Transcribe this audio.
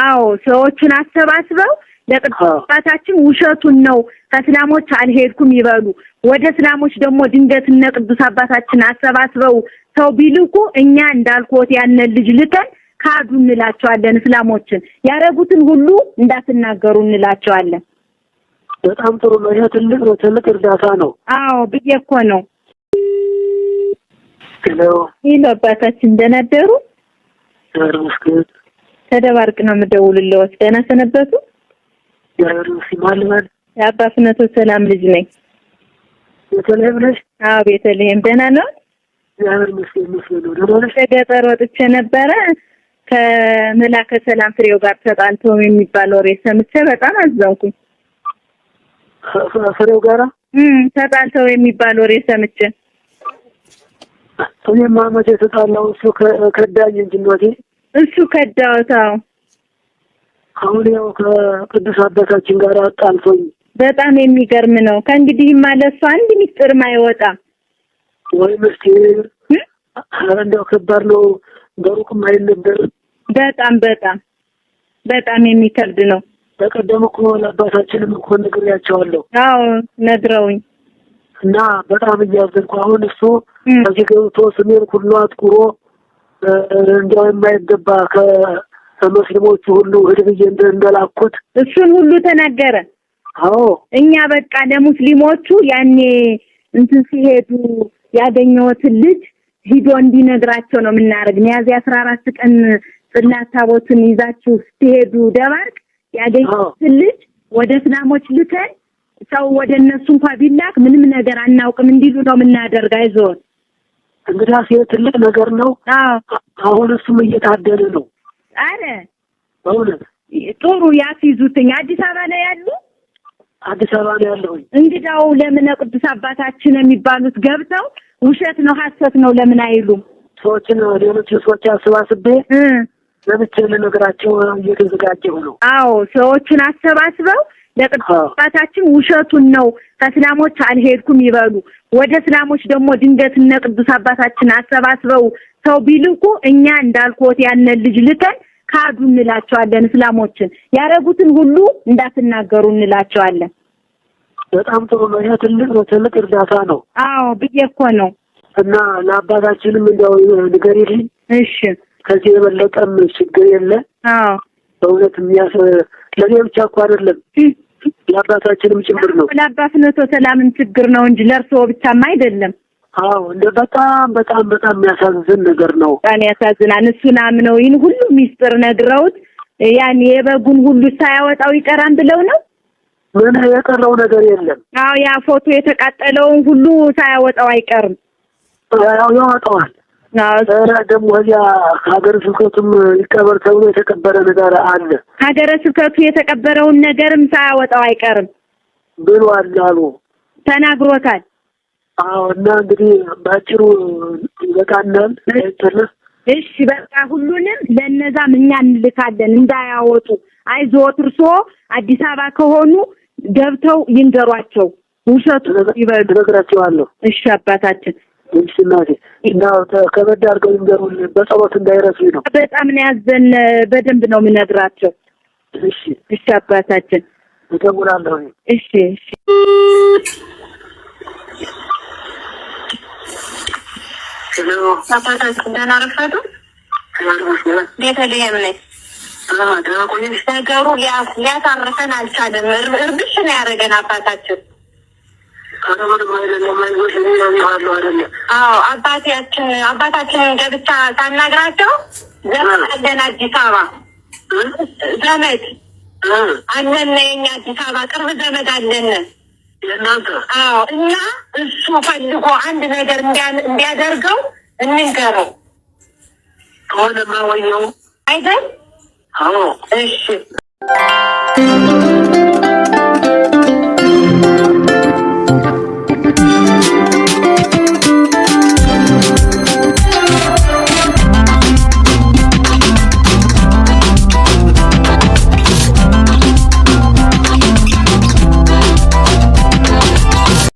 አዎ ሰዎቹን አሰባስበው ለቅዱስ አባታችን ውሸቱን ነው ከእስላሞች አልሄድኩም ይበሉ። ወደ እስላሞች ደግሞ ድንገት እነ ቅዱስ አባታችን አሰባስበው ሰው ቢልኩ እኛ እንዳልኮት ያንን ልጅ ልከን ካዱ እንላቸዋለን። እስላሞችን ያረጉትን ሁሉ እንዳትናገሩ እንላቸዋለን። በጣም ጥሩ ነው። ይሄ ትልቅ ነው፣ ትልቅ እርዳታ ነው። አዎ ብዬ እኮ ነው። ሄሎ ሄሎ፣ አባታችን እንደናደሩ ተደባርቅ ነው የምደውልልዎት። ደህና ሰነበቱ? የአባ ፍኖተ ሰላም ልጅ ነኝ። ቤተልሔም ነሽ? አዎ ቤተልሔም። ደህና ነው? ከገጠር ወጥቼ ነበረ ከመላከ ሰላም ፍሬው ጋር ተጣልተው የሚባል ወሬ ሰምቼ በጣም አዘንኩኝ። ፍሬው ጋራ ተጣልተው የሚባል ወሬ ሰምቼ እኔማ መቼ ተጣላው እሱ ከዳኝ እንጂ እናቴ እሱ ከዳውታው አሁን ያው ከቅዱስ አባታችን ጋር አጣልፎኝ በጣም የሚገርም ነው። ከእንግዲህ ማለሱ አንድ ሚስጥርም አይወጣም ወይ ምስጢር እንደው ከባድ ነው። በሩቅም አይል በጣም በጣም በጣም የሚከብድ ነው። በቀደም እኮ ለአባታችንም እኮ ነግሬያቸዋለሁ። አዎ ነግረውኝ እና በጣም እያዘንኩ አሁን እሱ ከዚህ ገብቶ ስሜን ሁሉ አጥቁሮ እንደው የማይገባ ከሙስሊሞቹ ሁሉ ህድብዬ እንደላኩት እሱን ሁሉ ተናገረ። አዎ እኛ በቃ ለሙስሊሞቹ ያኔ እንትን ሲሄዱ ያገኘሁትን ልጅ ሂዶ እንዲነግራቸው ነው የምናደርግ። ሚያዝያ አስራ አራት ቀን ጽላት ታቦትን ይዛችሁ ስትሄዱ ደባርቅ ያገኘሁትን ልጅ ወደ እስላሞች ልከን ሰው ወደ እነሱ እንኳ ቢላክ ምንም ነገር አናውቅም እንዲሉ ነው የምናደርግ። አይዞን እንግዲህ አሴ ትልቅ ነገር ነው። አሁን እሱም እየታደለ ነው። አረ በእውነት ጥሩ ያስይዙትኝ። አዲስ አበባ ነው ያሉ? አዲስ አበባ ነው ያለሁኝ። እንግዳው ለምን ቅዱስ አባታችን የሚባሉት ገብተው ውሸት ነው ሀሰት ነው ለምን አይሉም? ሰዎችን ሌሎች ሰዎች አሰባስቤ ለብቻ ለነገራቸው እየተዘጋጀሁ ነው። አዎ ሰዎችን አሰባስበው ለቅዱስ አባታችን ውሸቱን ነው ከእስላሞች አልሄድኩም ይበሉ። ወደ እስላሞች ደግሞ ድንገት እነ ቅዱስ አባታችን አሰባስበው ሰው ቢልኩ እኛ እንዳልኮት ያንን ልጅ ልከን ካዱ እንላቸዋለን። እስላሞችን ያረጉትን ሁሉ እንዳትናገሩ እንላቸዋለን። በጣም ጥሩ ነው። ይሄ ትልቅ ነው፣ ትልቅ እርዳታ ነው። አዎ ብዬ እኮ ነው። እና ለአባታችንም እንደው ንገሪልኝ። እሺ ከዚህ የበለጠም ችግር የለ። አዎ በእውነት የሚያስ ለእኔ ብቻ እኮ አይደለም ለአባታችንም ጭምር ነው። ለአባትነቶ ሰላምን ችግር ነው እንጂ ለእርስዎ ብቻም አይደለም። አዎ እንደ በጣም በጣም በጣም የሚያሳዝን ነገር ነው። በጣም ያሳዝናል። እሱን አምነው ይህን ሁሉ ሚስጥር ነግረውት ያን የበጉን ሁሉ ሳያወጣው ይቀራን ብለው ነው። ምን የቀረው ነገር የለም። አዎ ያ ፎቶ የተቃጠለውን ሁሉ ሳያወጣው አይቀርም። ያው ያወጣዋል ራ ደግሞ እዚያ ሀገረ ስብከቱም ይቀበር ተብሎ የተቀበረ ነገር አለ። ሀገረ ስብከቱ የተቀበረውን ነገርም ሳያወጣው አይቀርም ብሏል አሉ ተናግሮታል። አዎ እና እንግዲህ ባጭሩ ይበቃናል። እሺ፣ በቃ ሁሉንም ለእነዛም እኛ እንልካለን እንዳያወጡ። አይዞት እርሶ አዲስ አበባ ከሆኑ ገብተው ይንገሯቸው፣ ውሸቱ ይበሉ። እነግራቸዋለሁ። እሺ አባታችን እሺ እናቴ እና ከበድ አድርገው ይንገሩን፣ በጸሎት እንዳይረሱኝ ነው። በጣም ነው ያዘን። በደንብ ነው የምነግራቸው። እሺ እሺ አባታችን እደውላለሁ። እሺ እሺ አባታችን ደህና ረፈዱ። ቤተልሔም ነኝ። ነገሩ ሊያሳርፈን አልቻለም። እርብሽ ነው ያደረገን አባታችን አዎ አባታችን አባታችንን ገብቻ ሳናግራቸው ዘመድ አለን አዲስ አበባ ዘመድ አለን የኛ አዲስ አበባ ቅርብ ዘመድ አለን። አዎ እና እሱ ፈልጎ አንድ ነገር እንዲያደርገው እንንገረው ከሆነማ ወየው አይደል? አዎ እሺ